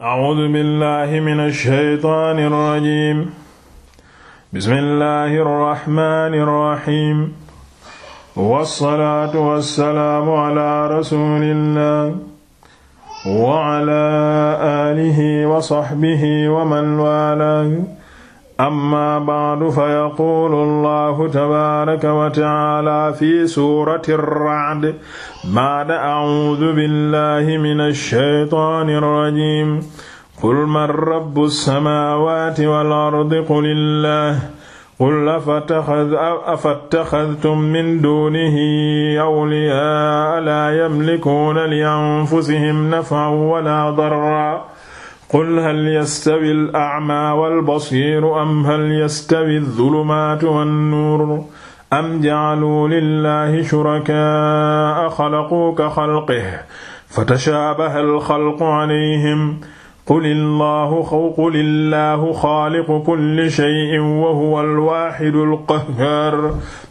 A'uuzu billaahi mina shaytaani rajiim. Bismillaahi rahmaani rahiim. Wassalaatu wassalaamu alaa rasuulillaah wa alaa aalihi wa sahbihi wa man waalaah. amma ba'du fa yaquulu allahu tabaaraka wa ta'aala fi suurati ar-ra'd ba'da a'uudu billahi mina shaytaani rajiim qul man rabbu samaawaati wal ardi qulillah qul afattaxadtum min duunihi awliyaa laa yamlikuuna li anfusihim naf'an wa laa darran qul hal yastawi al-a'maa wal-basiiru am hal yastawi adh-dhulumaatu wan-nuur am ja'aluu lillaahi shurakaa'a khalaquu ka khalqihi fatashaabaha al-khalqu 'alayhim qulillahu xaw qulillahu xaaliqu kulli shay'in wa huwa alwaaxidul qahhaar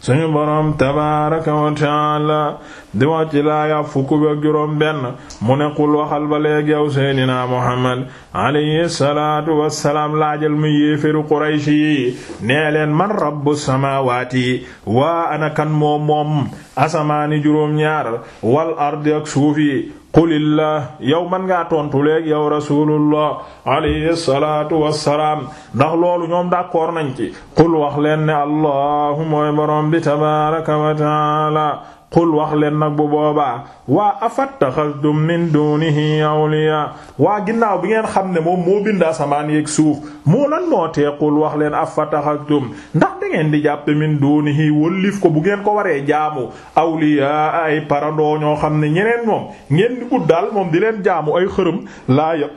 suñu boroom tabaaraka wa taala di wax ci laaya fukk ak juróom benn mu ne qul waxal ba léegi yow seydina Muhammad alayhi salaatu wassalaam laajal mu yéeféru Qurayshi yi nee leen man rabbu samaawaati waa ana kan moom moom asamaani juróom ñaar wal ardi ak suuf yi qulillah yow man ngaa tontu léegi yow rasulullah alayhi salaatu wassalaam ndax loolu ñoom d'accord nañ ci qul wax leen ne allah mooy borom bi tabaaraka wa taala qul wax leen nag bu boobaa waa afattaxastum min dunihi awliya waa ginnaaw bi ngeen xam ne moom moo bind asamaan yeeg suuf moo lan moo tee qul wax leen afattaxastum ndax da ngeen di jàppe min dunihi liif ko bu ngeen ko waree jaamu awliya ay parandoo ñoo xam ne ñeneen moom ngeen di ut daal moom di leen jaamu ay xërëm laa laaya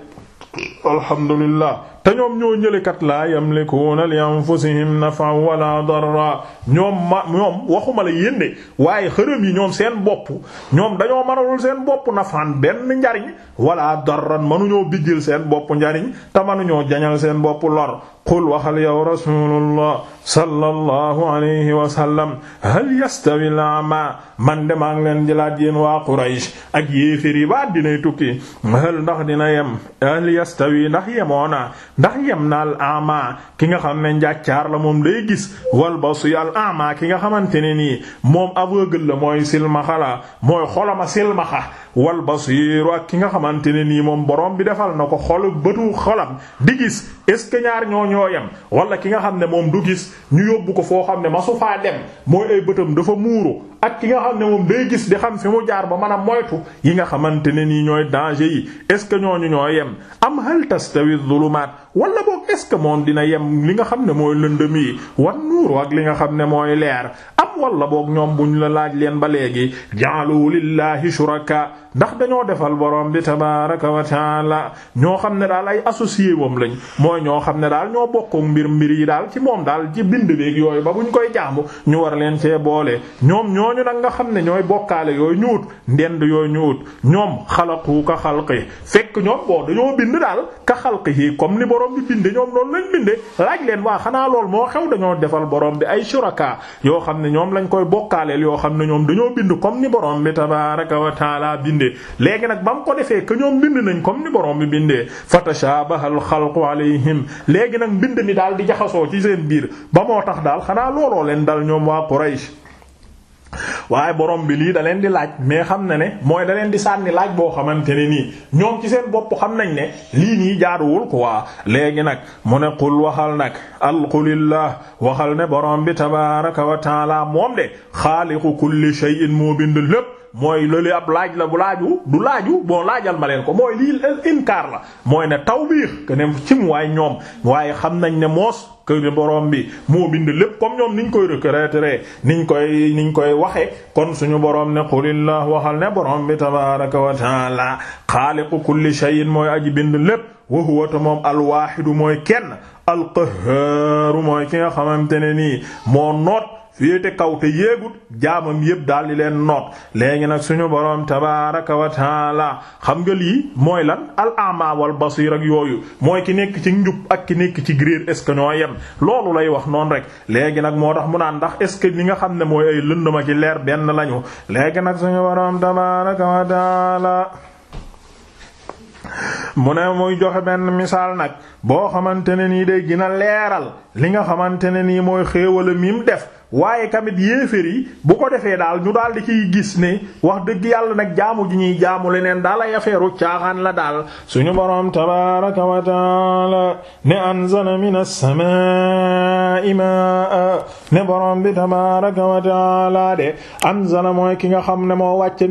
alhamdulillah te ñoom ñoo ñëlekat laa yamlikuuna li anfusihim nafan wala darra ñoom ma ñoom waxuma la yénde waaye xërëm yi ñoom seen bopp ñoom dañoo mënalul seen bopp nafaan benn njariñ wala darran mënuñoo bijjil seen bopp njariñ te mënuñoo jañal seen bopp lor qul waxal yow rasulullah sallallahu alayhi wa sallam hal yastawi al-a'ma man de maa ngi leen di laaj yéen waa Quraysh ak yéefér yi ba dinay tukki hal ndax dina yem hal yastawi ndax yemoona ndax yem na al-a'ma ki nga xam ne njàccaar la moom day gis wal basir al-a'ma ki nga xamante ne nii moom aveugle la mooy silmaxa la mooy xolama silmaxa wal basir ak ki nga xamante ne nii moom boroom bi defal na ko xolu bëtu xolam di gis est ñaar ñooñu ñoo yem wala ki nga xam ne moom du gis ñu yóbbu ko foo xam ne masu faa dem mooy ay bëtam dafa muuro ak ki nga xam ne moom day gis di xam fi mu jaar ba mën a moytu yi nga xamante ne nii ñooy danger yi est ce que ñooñu ñoo yem am hal tastawi zulumaat wala boog est ce que moom dina yem li nga xam ne mooy lëndëm yi wan nuuru ak li nga xam ne mooy leer am wala boog ñoom buñ la laaj leen ba léegi jaalu lillahi shuraka ndax dañoo defal borom bi tabaraka wa taala ñoo xam ne daal ay associé moom lañ mooy ñoo xam ne daal ñoo bokk mbir mbir yi daal ci moom daal ci bind beeg yooyu ba buñ koy jaamu ñu war leen cee boole ñoom ñooñu nag nga xam ne ñooy bokkaale yooyu ñu ut ndend yooyu ñu ut ñoom xalaquka xalqi ko ñoom boo dañoo bind daal ka xalqihi comme ni borom bi binde ñoom loolu lañ binde laaj leen waa xanaa lool moo xew dañoo defal borom bi ay shuraka yoo xam ne ñoom lañ koy bokkaaleel yoo xam ne ñoom dañoo bind comme ni borom bi tabaaraka wa taala léegi nag ba mu ko defee que ñoom bind nañ comme ni borom bi bindee fatashabaha al xalqu alayhim léegi nag mbind mi daal di jaxasoo ci seen biir ba moo tax daal xanaa looloo leen dal ñoom waa Quraysh waaye borom bi lii da leen di laaj mais xam na ne mooy da leen di sànni laaj boo xamante ne nii ñoom ci seen bopp xam nañ ne lii nii jaaruwul waa léegi nag mu ne qul waxal nag alqulillah waxal ne borom bi tabaaraka wa taala moom de xaaliqu kulli shay'in moo bind lépp. mooy loolu ab laaj la bu laaju du laaju boo laajal ma leen ko mooy lii inkaar la mooy ne taw que ne ci mu waay ñoom waaye xam nañ ne moos këri borom bi moo bind lépp comme ñoom niñ koy recréer niñ koy niñ koy waxe kon suñu borom ne qulillah waxal ne borom bi tabaaraka wa taala xaaliqu kulli shay'in mooy aji bind lépp wa huwa ta moom alwaaxidu mooy kenn alqahhaaru mooy ki nga xamante ne nii moo noot féete kaw te yéegut jaamam yépp daal di leen noot léegi nag suñu boroom tabaaraka wa taala xam nga lii mooy lan al ama wal basir ak yooyu mooy ki nekk ci njub ak ki nekk ci gréer est ce que ñoo yem loolu lay wax noonu rek léegi nag moo tax mu naan ndax est ce que li nga xam ne mooy ay lëndama ci leer benn lañu léegi nag suñu boroom tabaaraka wa taala mu ne muy joxe benn misaal nag boo xamante ne nii day gina leeral li nga xamante ne nii mooy xéewala mim def waaye tamit yéeféer yi bu ko defee daal ñu daal di ciy gis ne wax dëgg yàlla nag jaamu ji ñuy jaamu leneen daal ay affaire caaxaan la daal suñu boroom tabaaraka wa taala ne anzala minas samaa imaa ne borom bi tabaaraka wa taala de anzala mooy ki nga xam ne moo wàcce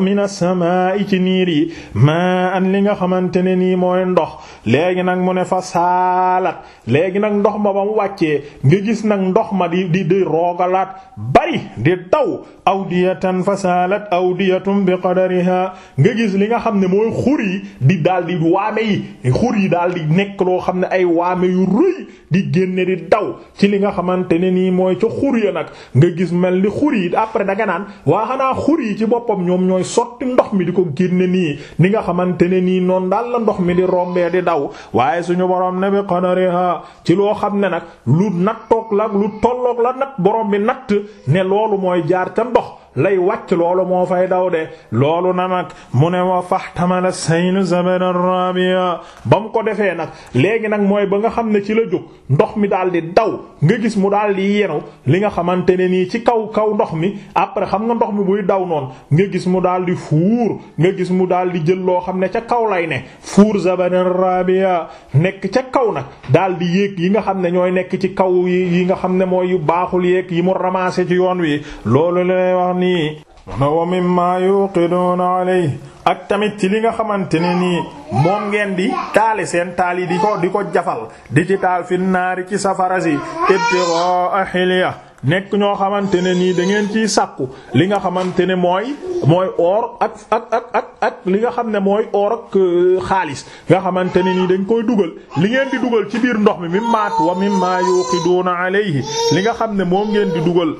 mina samaa'i ci niir yi maa an li nga xamante ne nii mooy ndox léegi nag mu ne fa saalat léegi nag ndox ma ba mu wàccee nga gis nag ndox ma di di di roogalaat bari di taw awdiyatan fa saalat awdiyatun bi qadariha nga gis li nga xam ne mooy xur di daal di waame yi xur yi daal di nekk loo xam ne ay waame yu rëy di génne di daw ci li nga xamante ne nii mooy ca xur ya nag nga gis mel ni xur yi après danga naan waa xanaa xur yi ci boppam ñoom ñooy sotti ndox mi di ko génne nii ni nga xamante ne nii noonu daal la ndox mi di rombee di daw waaye suñu borom ne bi qadariha ci loo xam ne nag lu nattoog la lu tolloog la nat borom bi natt ne loolu mooy jaar ca ndox lay wàcc loolu moo fay daw de loolu na nag mu ne wa faxtamala saynu zabadan rabia ba mu ko defee nag léegi nag mooy ba nga xam ne ci la jóg ndox mi daal di daw nga gis mu daal di yenu li nga xamante ne nii ci kaw kaw ndox mi après xam nga ndox mi buy daw noonu nga gis mu daal di fuur nga gis mu daal di jël loo xam ne ca kaw lay ne fuur zabadan rabia nekk ca kaw nag daal di yéeg yi nga xam ne ñooy nekk ci kaw yi nga xam ne mooy yu baaxul yéeg yi mu ramasser ci yoon wi loolu lay wax ni nii na wa ak tamit ci li nga xamante ne nii moom ngeen di taali seen taal di ko di ko jafal di ci taal fi ci safara si ibtigha nekk ñoo xamante ne nii da ngeen ciy sàkku li nga xamante ne mooy mooy or ak li nga xam ne mooy or ak euh, xaalis nga xamante ne nii dañ koy dugal li ngeen di dugal ci biir ndox mi mimma wa mimma yuqiduuna alayhi li nga xam ne moom ngeen di dugal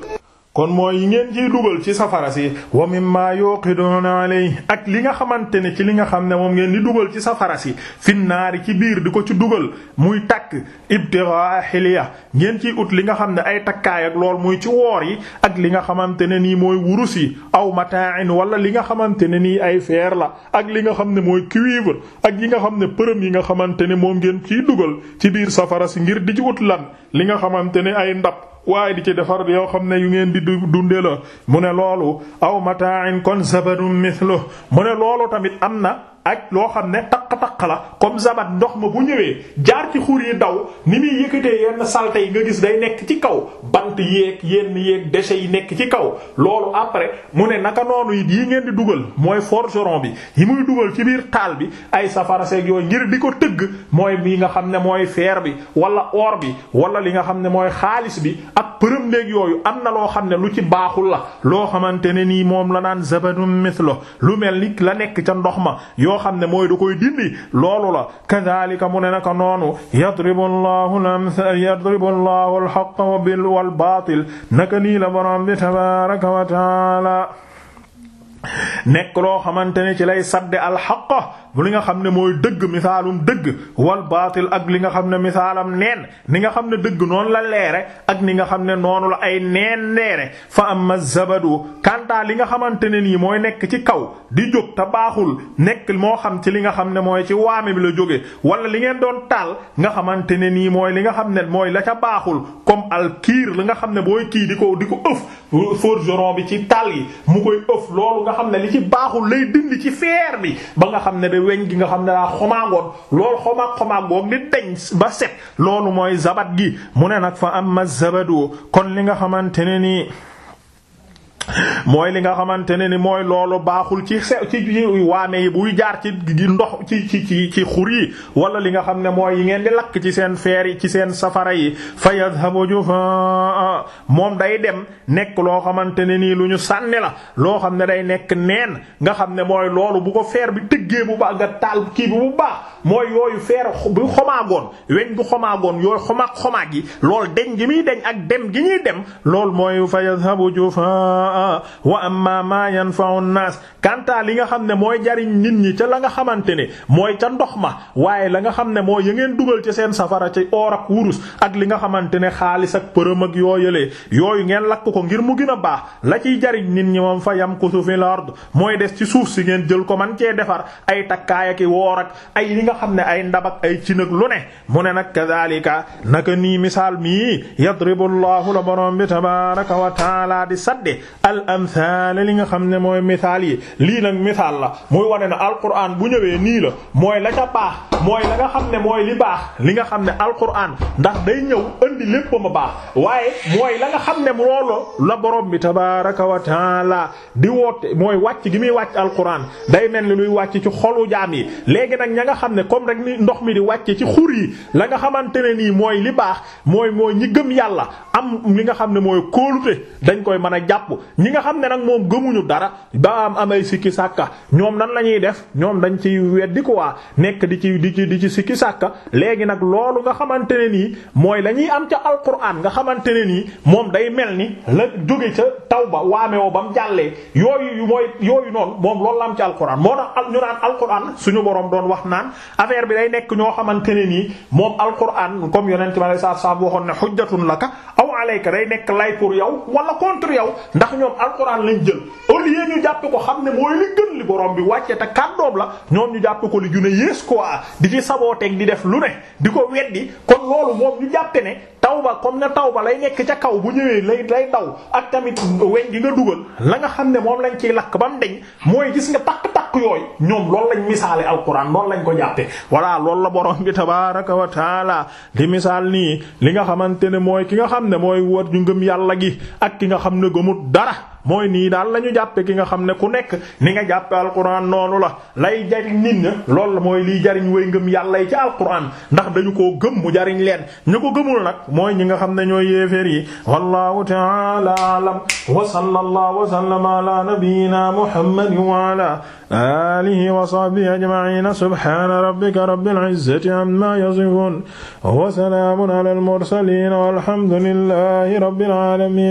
kon mooy yi ngeen ciy dugal ci safara si wa mimma yuqiduna alayhi ak li nga xamante ne ci li nga xam ne moom ngeen di dugal ci safara si finnaari ci biir di ko ci dugal muy takk ibtigha hilya ngeen ciy ut li nga xam ne ay takkaay ak lool muy ci woor yi ak li nga xamante ne nii mooy wurus yi aw mata'in wala li nga xamante ne nii ay fer la ak li nga xam ne mooy cuivre ak yi nga xam ne përëm yi nga xamante ne moom ngeen ciy dugal ci biir safara si ngir di ci ut lan li nga xamante ne ay ndab waaye di ci defar yoo xam ne yu ngeen di dundee la mu ne loolu aw mata'in kon zabarun mithlu mu ne loolu tamit am na ak loo xam ne taq-taq la comme zabat ndox ma bu ñëwee jaar ci xur yi daw ni muy yëkkatee yenn saleté yi nga gis day nekk ci kaw bant yeeg yenn yeeg déchets yi nekk ci kaw loolu après mu ne naka noonu it yi ngeen di dugal mooy forgeron bi yi muy dugal ci biir taal bi ay safara seeg yooyu ngir di ko tëgg mooy mi nga xam ne mooy feer bi wala or bi wala li nga xam ne mooy xaalis bi ak përëm léeg yooyu am na loo xam ne lu ci baaxul la loo xamante ne nii moom la naan zabatun mithlu lu mel nekk ca ndox ma loo xam ne mooy da koy dindi loolu la kadhalika mu ne naka noonu yadribu allahu al yadribu allahu alhaqqa bil wal baatil naka nii la borom bi tabaaraka wa taala nekk loo xamante ne ci lay sadde alxaqa mu li nga xam ne mooy dëgg misaalum dëgg wal baatil ak li nga xam ne misaalam neen ni nga xam ne dëgg noonu la leere ak ni nga xam ne noonu la ay neen leere fa am ma zabadu kantaa li nga xamante ne nii mooy nekk ci kaw di jóg te baaxul nekk moo xam ci li nga xam ne mooy ci waame bi la jóge wala li ngeen doon taal nga xamante ne nii mooy li nga xam ne mooy la ca baaxul comme al kiir li nga xam ne booy kii di ko di ko ëf forgeron bi ci taal yi mu koy ëf loolu nga xam ne li ci baaxul lay dindi ci feer bi ba nga xam ne ne weñ gi nga xam ne daa xomaangoon loolu xomaag xomaangoog di deñ ba set loolu mooy zabat gi mu ne nag fa amma zabadu kon li nga xamante ne nii mooy li nga xamante ne ni mooy loolu baaxul ci sew ci waame yi buy jaar ci ndox ci ci ci ci xur yi wala li nga xam ne mooy yi ngeen di lakk ci seen feer yi ci seen safara yi fa yadhabu jufaa moom day dem nekk loo xamante ne nii lu ñu sànni la loo xam ne day nekk neen nga xam ne mooy loolu bu ko feer bi tëggee bu baax nga taal kii bi bu baax mooy yooyu feer bu xomaagoon weñ bu xomaagoon yooyu xomaag xomaag yi loolu deñ gi muy deñ ak dem gi ñuy dem loolu wa amma ma yanfa'u an-nas kanta li nga xam ne mooy jariñ nit ñi ca la nga xamante ne mooy ca ndox ma waaye la nga xam ne moo ya ngeen dugal ci seen safara ci or ak wurus ak li nga xamante ne xaalis ak përëm yoo yëlee yooyu ngeen lakk ko ngir mu gën a baax la ciy jariñ nit ñi moom fa yamkusu fil ard mooy des ci suuf si ngeen jël ko man cee defar ay takkaay ak ak ay li nga xam ne ay ndab ay cin ak lu ne mu ne nag kadhalika naka nii misaal mii yadribu la borom bi tabaaraka wa ta'ala di sadde al amthal li nga xam ne mooy misaal yi lii nag misaal la muy wane na alquran bu ñëwee nii la mooy la ca baax mooy la nga xam ne mooy li baax li nga xam ne alquran ndax day ñëw indi lépp ma baax waaye mooy la nga xam ne loolu la borom bi tabaaraka wa taala di woote mooy wàcc gi muy wàcc alquran day mel ni luy wàcc ci xolu jaam yi léegi nag ña nga xam ne comme rek ni ndox mi di wàcce ci xur yi la xamante ne nii mooy li baax mooy mooy ñi gëm yàlla am li nga xam ne mooy kóolute dañ koy mën a jàpp ñi nga xam ne nag moom gëmuñu dara ba am amay sikki sàkka ñoom nan la ñuy def ñoom dañ ciy weddi ko waa nekk di ci di ci di ci sikki sàkka léegi nag loolu nga xamante ne nii mooy la ñuy am ca alquran nga xamante ne nii moom day mel ni la jóge ca taw ba waamewoo ba mu jàllee yooyu yu mooy yooyu noonu moom loolu la am ci alquran moo tax ñu naan alquran suñu borom doon wax naan affaire bi day nekk ñoo xamante ne nii moom alquran comme yonent ci lay sa sa waxoon ne na laka aw alayka day nekk lay pour yow wala contre yow ndax ñoom alxuraan lañ jël au lieu ñu jàppe ko xam ne mooy li gën li borom bi wàcce te kàddoom la ñoom ñu jàppe ko li gën a yées quoi di ci sabooteeg di def lu ne di ko weddi kon loolu moom ñu jàppe ne taw tawba comme ne ba lay nekk ca kaw bu ñëwee lay lay daw ak tamit weñ gi nga dugal la nga xam ne moom lañ ciy lakk bam deñ mooy gis nga takk yooyu ñoom loolu lañ misaale alquran loolu lañ ko jàppe voilà loolu la borom bi tabaaraka wa taala di misaal nii li nga xamante ne mooy ki nga xam ne mooy war ju ngëm yàlla gi ak ki nga xam ne gëmut dara mooy nii daal la ñu jàppe ki nga xam ne ku nekk ni nga jàppe alquran noonu la lay jariñ nit ña loolu mooy liy jariñ way ngëm yàlla yi ci alquran ndax dañu koo gëm mu jariñ leen ñu ko gëmul nag mooy ñi nga xam ne ñooy yéeféer yi wallahu ta'ala a'lam wa sallallahu wa sallama ala nabiyyina muhammadin wa ala alihi wa sahbihi ajma'in subhana rabbika rabbil izzati amma yasifun wa salamun ala al mursalin walhamdulillahi rabbil alamin